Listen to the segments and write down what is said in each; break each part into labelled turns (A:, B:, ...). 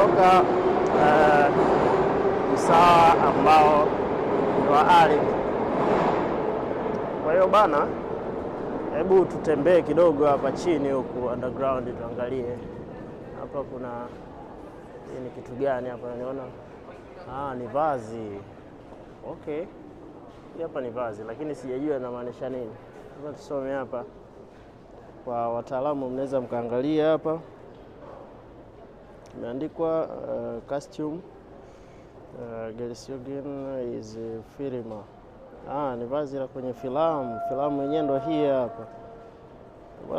A: kutoka usawa eh, ambao ni wa ardhi. Kwa hiyo bana, hebu tutembee kidogo hapa chini huku underground, tuangalie hapa kuna hii ni kitu gani hapa. naniona? ah, ni vazi okay. Hii hapa ni vazi, lakini sijajua inamaanisha nini. tusome hapa, kwa wataalamu mnaweza mkaangalia hapa Imeandikwa uh, costume uh, Gelsogen is firma. Ah, ni vazi la kwenye filamu. Filamu yenyewe ndo hii hapa,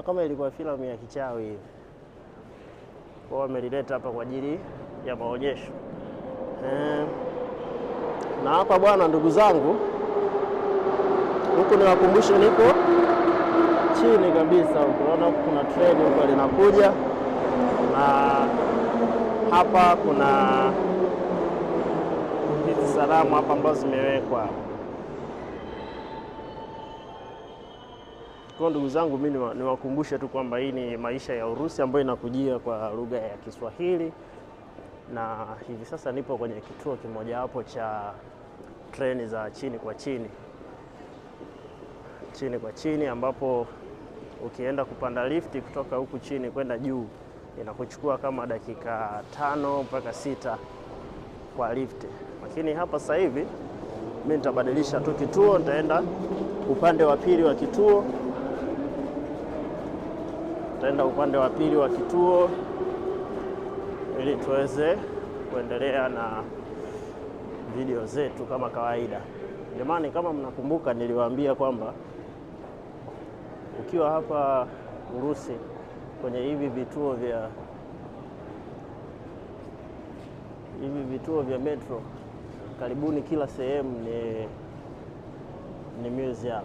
A: kama ilikuwa filamu ya kichawi hivi, kwa wamelileta hapa kwa ajili ya maonyesho eh. Na hapa bwana, ndugu zangu, huku niwakumbushe, niko chini kabisa, unaona kuna treni huko linakuja na hapa kuna hizi salamu hapa ambazo zimewekwa kwa ndugu zangu, mimi niwakumbushe tu kwamba hii ni Maisha ya Urusi ambayo inakujia kwa lugha ya Kiswahili, na hivi sasa nipo kwenye kituo kimojawapo cha treni za chini kwa chini, chini kwa chini, ambapo ukienda kupanda lifti kutoka huku chini kwenda juu inakuchukua kama dakika tano mpaka sita kwa lifti, lakini hapa sasa hivi mimi nitabadilisha tu kituo, nitaenda upande wa pili wa kituo, nitaenda upande wa pili wa kituo ili tuweze kuendelea na video zetu kama kawaida. Jamani, kama mnakumbuka, niliwaambia kwamba ukiwa hapa Urusi kwenye hivi vituo vya hivi vituo vya metro karibuni kila sehemu ni, ni museum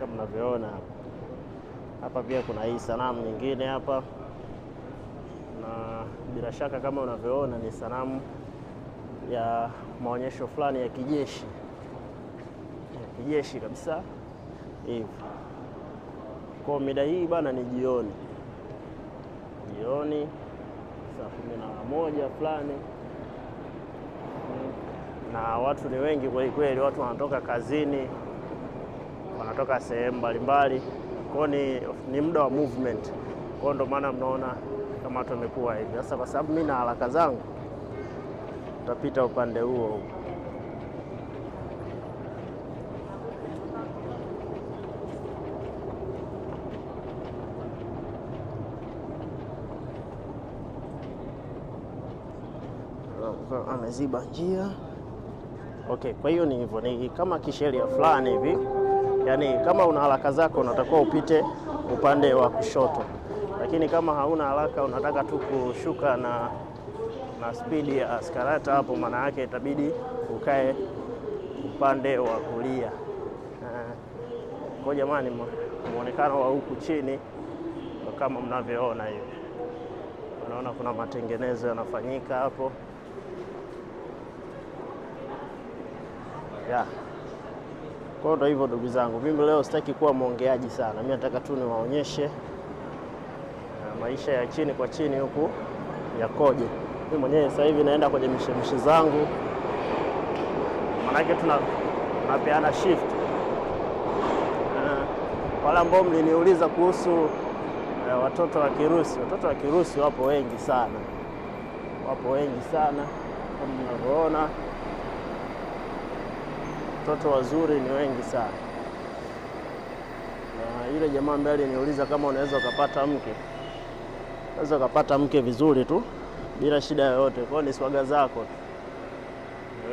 A: kama unavyoona hapa. Hapa pia kuna hii sanamu nyingine hapa, na bila shaka kama unavyoona ni sanamu ya maonyesho fulani ya kijeshi ya kijeshi kabisa hivi. Kwa mida hii bana ni jioni, jioni saa kumi na moja fulani, na watu ni wengi kweli kweli, watu wanatoka kazini, wanatoka sehemu mbalimbali, kwao ni, ni muda wa movement kwao, ndo maana mnaona kama watu wamekuwa hivi. Sasa kwa sababu mimi na haraka zangu, utapita upande huo huo ameziba njia. Okay, kwa hiyo ni hivyo, ni kama kisheria fulani hivi, yaani kama una haraka zako unatakiwa upite upande wa kushoto, lakini kama hauna haraka unataka tu kushuka na, na spidi ya askarata hapo, maana yake itabidi ukae upande wa kulia. Eh, kwa jamani, muonekano wa huku chini kama mnavyoona hivi, unaona kuna matengenezo yanafanyika hapo. yeah. Kwa hiyo ndo hivyo ndugu zangu, mimi leo sitaki kuwa mwongeaji sana, mimi nataka tu niwaonyeshe eh, maisha ya chini kwa chini huku yakoje. Mimi mwenyewe sasa hivi naenda kwenye mishemishe zangu, manake tuna tunapeana shift. Eh, wale ambao mliniuliza kuhusu eh, watoto wa Kirusi, watoto wa Kirusi wapo wengi sana, wapo wengi sana kama mnavyoona watoto wazuri ni wengi sana, na yule jamaa ambaye aliniuliza kama unaweza ukapata mke, unaweza ukapata mke vizuri tu bila shida yoyote. Kwa ni swaga zako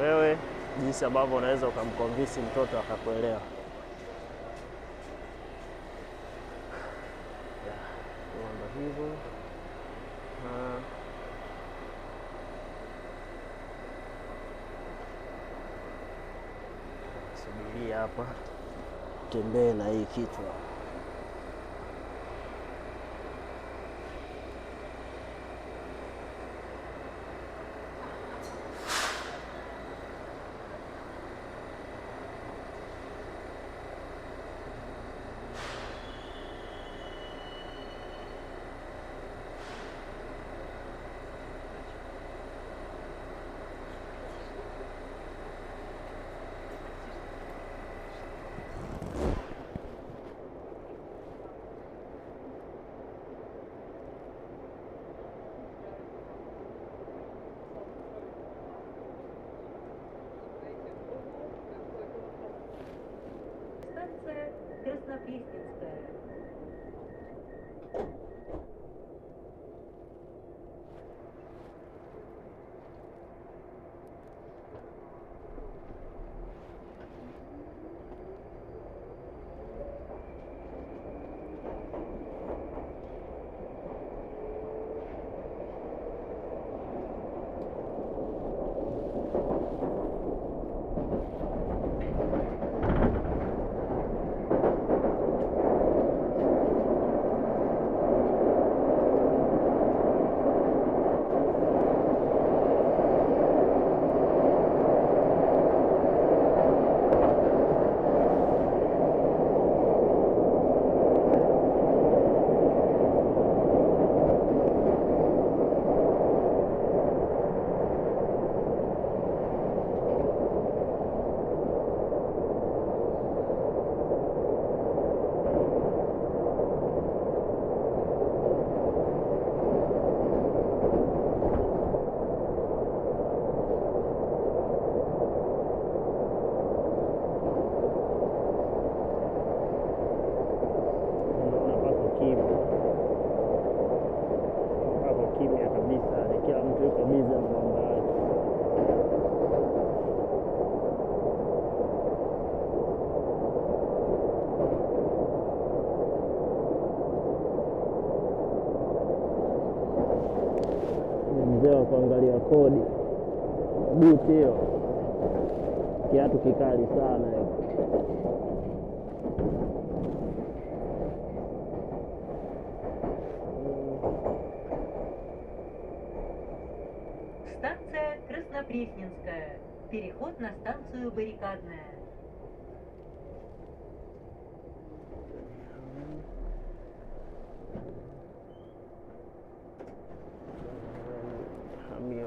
A: wewe jinsi ambavyo unaweza ukamkonvinsi mtoto akakuelewa. tutembee na hii kichwa. Thank you. kuangalia kodi buti hiyo, kiatu kikali sana hiki.
B: Станция Краснопресненская. Переход на станцию Баррикадная.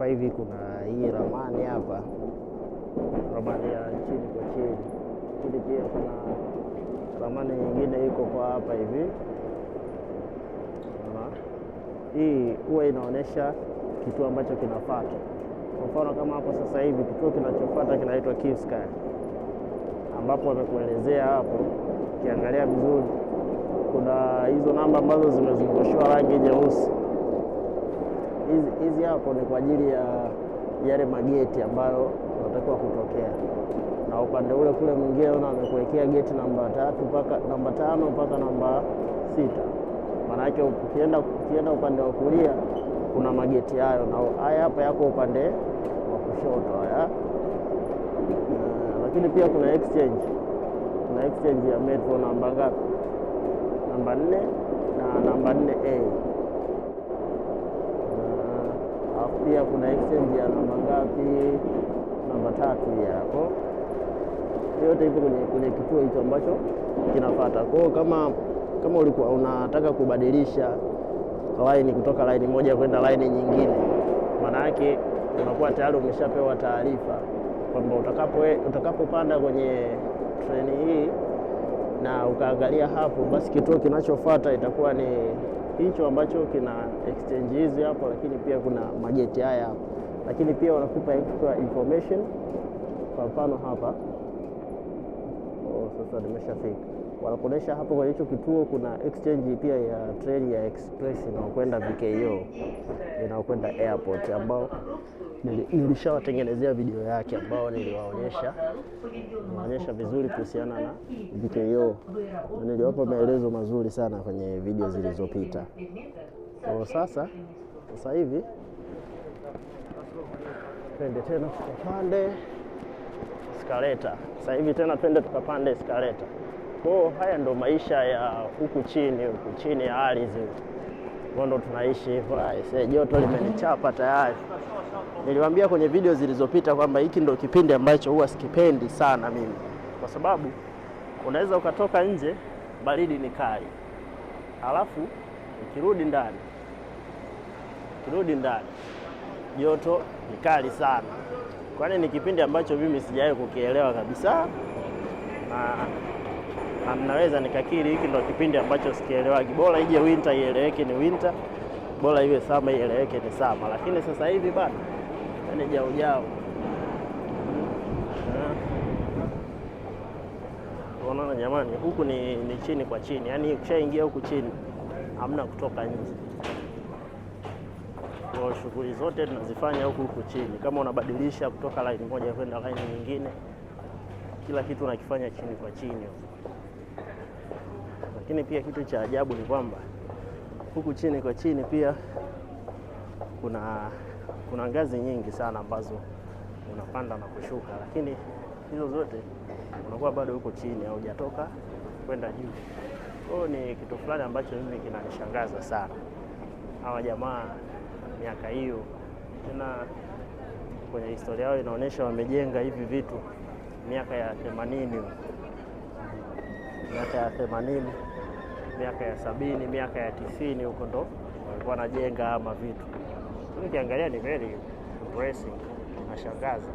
A: hapa hivi kuna hii ramani hapa, ramani ya chini kwa chini chini, pia kuna ramani nyingine iko kwa hapa hivi. Hii huwa inaonyesha kituo ambacho kinafuata. Kwa mfano kama hapo sasa hivi kituo kinachofuata kinaitwa Kivskaya, ambapo wamekuelezea hapo. Ukiangalia vizuri, kuna hizo namba ambazo zimezungushwa rangi nyeusi hizi hapo ni kwa ajili ya yale mageti ambayo unatakiwa kutokea, na upande ule kule mwingine una amekuwekea geti namba tatu mpaka namba tano mpaka namba sita. Maana yake ukienda ukienda upande wa kulia kuna mageti hayo, na haya hapa yako upande wa kushoto haya. Eh, lakini pia kuna exchange, kuna exchange ya metro namba ngapi? Namba 4 na namba 4 a pia kuna exchange ya namba ngapi, namba tatu hapo, yote ipo kwenye, kwenye kituo hicho ambacho kinafata. Kwa hiyo kama kama ulikuwa unataka kubadilisha laini kutoka laini moja kwenda laini nyingine, maana yake unakuwa tayari umeshapewa taarifa kwamba utakapopanda kwenye treni hii na ukaangalia hapo, basi kituo kinachofuata itakuwa ni hicho ambacho kina exchange hizi hapo, lakini pia kuna mageti haya hapo, lakini pia wanakupa extra information. Kwa mfano hapa oh, sasa nimeshafika, wanakuonesha hapo kwenye hicho kituo kuna exchange pia ya treni ya express inaokwenda VKO inaokwenda airport ambao nilishawatengenezea video yake ambao niliwaonyesha waonyesha vizuri kuhusiana na VKO, niliwapa maelezo mazuri sana kwenye video zilizopita. So, sasa sasa hivi twende tena tukapande skaleta. Sasa hivi tena twende tukapande skaleta. Kwa haya ndo maisha ya huku chini, huku chini ya ardhi, ndo tunaishi. Joto limenichapa tayari. Niliwaambia kwenye video zilizopita kwamba hiki ndo kipindi ambacho huwa sikipendi sana mimi, kwa sababu unaweza ukatoka nje baridi ni kali, halafu ukirudi ndani ukirudi ndani joto ni kali sana, kwani ni kipindi ambacho mimi sijawahi kukielewa kabisa, na mnaweza nikakiri, hiki ndo kipindi ambacho sikielewagi. Bora ije winter ieleweke ni winter, bora iwe sama ieleweke ni sama, lakini sasa hivi bado yaani jau jau. Unaona jamani, huku ni, ni chini kwa chini, yaani ukishaingia huku chini hamna kutoka nje. Kwa shughuli zote tunazifanya huku huku chini, kama unabadilisha kutoka laini moja kwenda laini nyingine, kila kitu unakifanya chini kwa chini. Lakini pia kitu cha ajabu ni kwamba huku chini kwa chini pia kuna kuna ngazi nyingi sana ambazo unapanda na kushuka, lakini hizo zote unakuwa bado uko chini, haujatoka kwenda juu. Kwa ni kitu fulani ambacho mimi kinanishangaza sana, hawa jamaa miaka hiyo tena kwenye historia yao inaonyesha wamejenga hivi vitu miaka ya themanini, miaka ya themanini, miaka ya sabini, miaka ya tisini, huko ndo walikuwa wanajenga ama vitu ukiangalia ni very impressive, inashangaza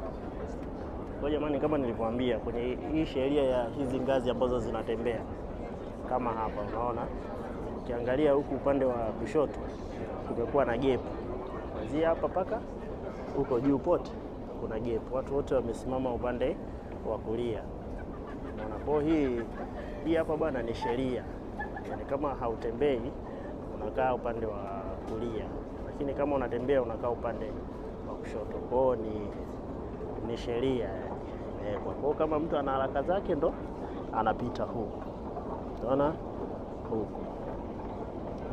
A: kwa jamani, kama nilivyoambia kwenye hii sheria ya hizi ngazi ambazo zinatembea kama hapa, unaona ukiangalia huku upande wa kushoto kumekuwa na gepu kuanzia hapa mpaka huko juu pote kuna gepu, watu wote wamesimama upande wa kulia. Unaona, kwa hii hii hapa bwana ni sheria, yani, kama hautembei unakaa upande wa kulia lakini kama unatembea unakaa upande wa kushoto. hiyo ni, ni sheria imewekwa. Eh, eh, hiyo kama mtu ana haraka zake ndo anapita huku, unaona huku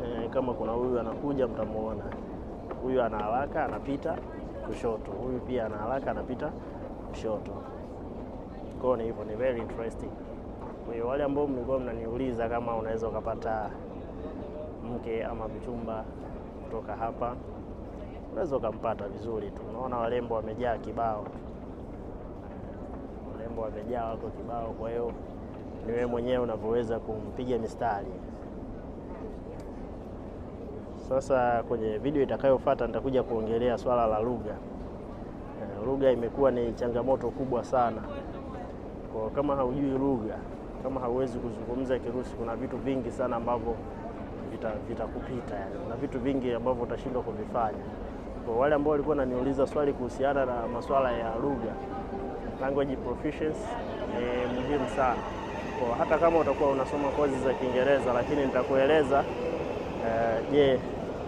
A: e, eh, kama kuna huyu anakuja mtamuona huyu ana haraka anapita kushoto, huyu pia ana haraka anapita kushoto. hiyo ni hivyo, ni very interesting. Kwa hiyo wale ambao mlikuwa mnaniuliza kama unaweza ukapata mke ama mchumba kutoka hapa, unaweza ukampata vizuri tu. Unaona warembo wamejaa kibao, warembo wamejaa, wako kibao. Kwa hiyo ni wewe mwenyewe unavyoweza kumpiga mistari. Sasa kwenye video itakayofuata nitakuja kuongelea swala la lugha. Eh, lugha imekuwa ni changamoto kubwa sana kwa, kama haujui lugha, kama hauwezi kuzungumza Kirusi, kuna vitu vingi sana ambavyo vitakupita vita yani. Na vitu vingi ambavyo utashindwa kuvifanya. Kwa wale ambao walikuwa wananiuliza swali kuhusiana na masuala ya lugha, language proficiency ni eh, muhimu sana. Kwa hata kama utakuwa unasoma kozi za Kiingereza, lakini nitakueleza eh, je,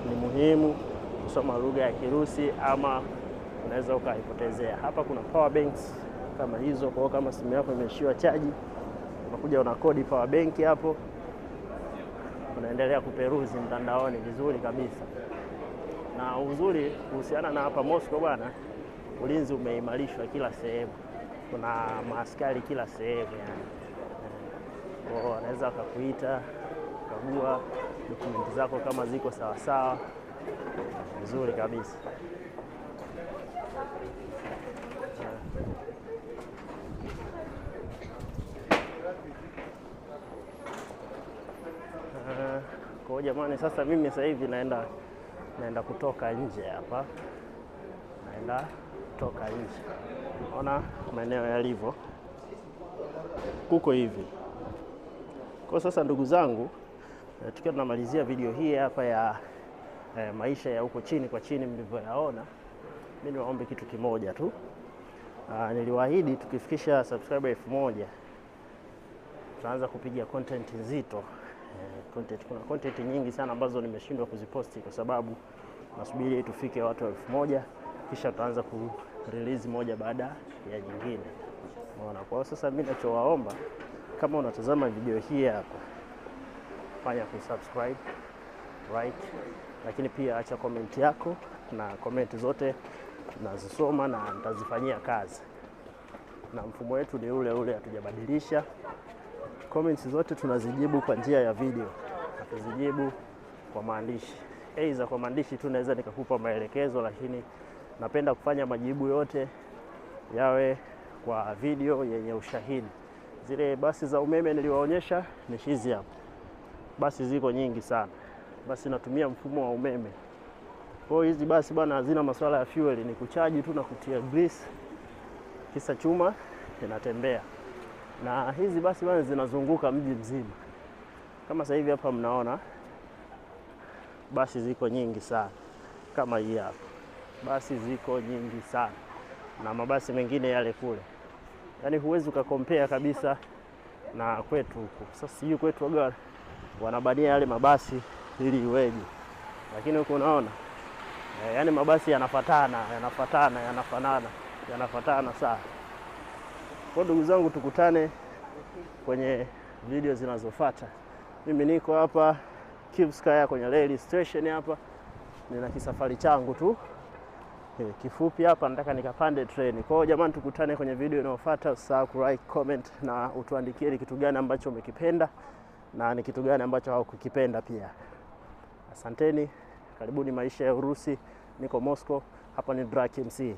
A: ni muhimu kusoma lugha ya Kirusi ama unaweza ukaipotezea. Hapa kuna power banks kama hizo, kwa kama simu yako imeishiwa chaji, unakuja una kodi power bank hapo unaendelea kuperuzi mtandaoni vizuri kabisa. Na uzuri kuhusiana na hapa Moscow bwana, ulinzi umeimarishwa kila sehemu, kuna maaskari kila sehemu yani, wanaweza wakakuita kagua dokumenti zako kama ziko sawasawa, vizuri kabisa. kwa jamani, sasa mimi sasa hivi naenda naenda kutoka nje hapa, naenda kutoka nje. Unaona maeneo yalivyo kuko hivi. Kwa sasa, ndugu zangu, eh, tukiwa tunamalizia video hii hapa ya eh, maisha ya huko chini kwa chini mlivyoyaona, mimi niwaombe kitu kimoja tu. Aa, ah, niliwaahidi tukifikisha subscriber elfu moja tutaanza kupiga content nzito Eh, content. Kuna content nyingi sana ambazo nimeshindwa kuziposti kwa sababu nasubiri tufike watu elfu moja kisha tutaanza ku release moja baada ya nyingine. Unaona, kwa sasa mimi nachowaomba kama unatazama video hii hapa, fanya kusubscribe, right, lakini pia acha comment yako na comment zote nazisoma na nitazifanyia kazi, na mfumo wetu ni ule ule, hatujabadilisha comments zote tunazijibu kwa njia ya video, hatuzijibu kwa maandishi. Aidha kwa maandishi tu naweza nikakupa maelekezo, lakini napenda kufanya majibu yote yawe kwa video yenye ushahidi. Zile basi za umeme niliwaonyesha ni hizi hapa, basi ziko nyingi sana, basi natumia mfumo wa umeme. Kwa hiyo hizi basi bwana hazina masuala ya fuel, ni kuchaji tu na kutia grease, kisa chuma inatembea na hizi basi bwana zinazunguka mji mzima. Kama sasa hivi hapa mnaona basi ziko nyingi sana, kama hii hapa basi ziko nyingi sana, na mabasi mengine yale kule, yaani huwezi ukakompea kabisa na kwetu huku. Sasa sijui kwetu wagara wanabania yale mabasi ili iweje, lakini huku unaona e, yaani mabasi yanafatana yanafatana yanafanana yanafatana sana kwa ndugu zangu, tukutane kwenye video zinazofuata. Mimi niko hapa Kivskaya kwenye rail station hapa, nina kisafari changu tu e, kifupi hapa, nataka nikapande treni. Kwa hiyo jamani, tukutane kwenye video inayofuata. Usisahau ku like, comment na utuandikie ni kitu gani ambacho umekipenda na ni kitu gani ambacho haukukipenda pia. Asanteni, karibuni maisha ya Urusi. Niko Moscow, hapa ni Draki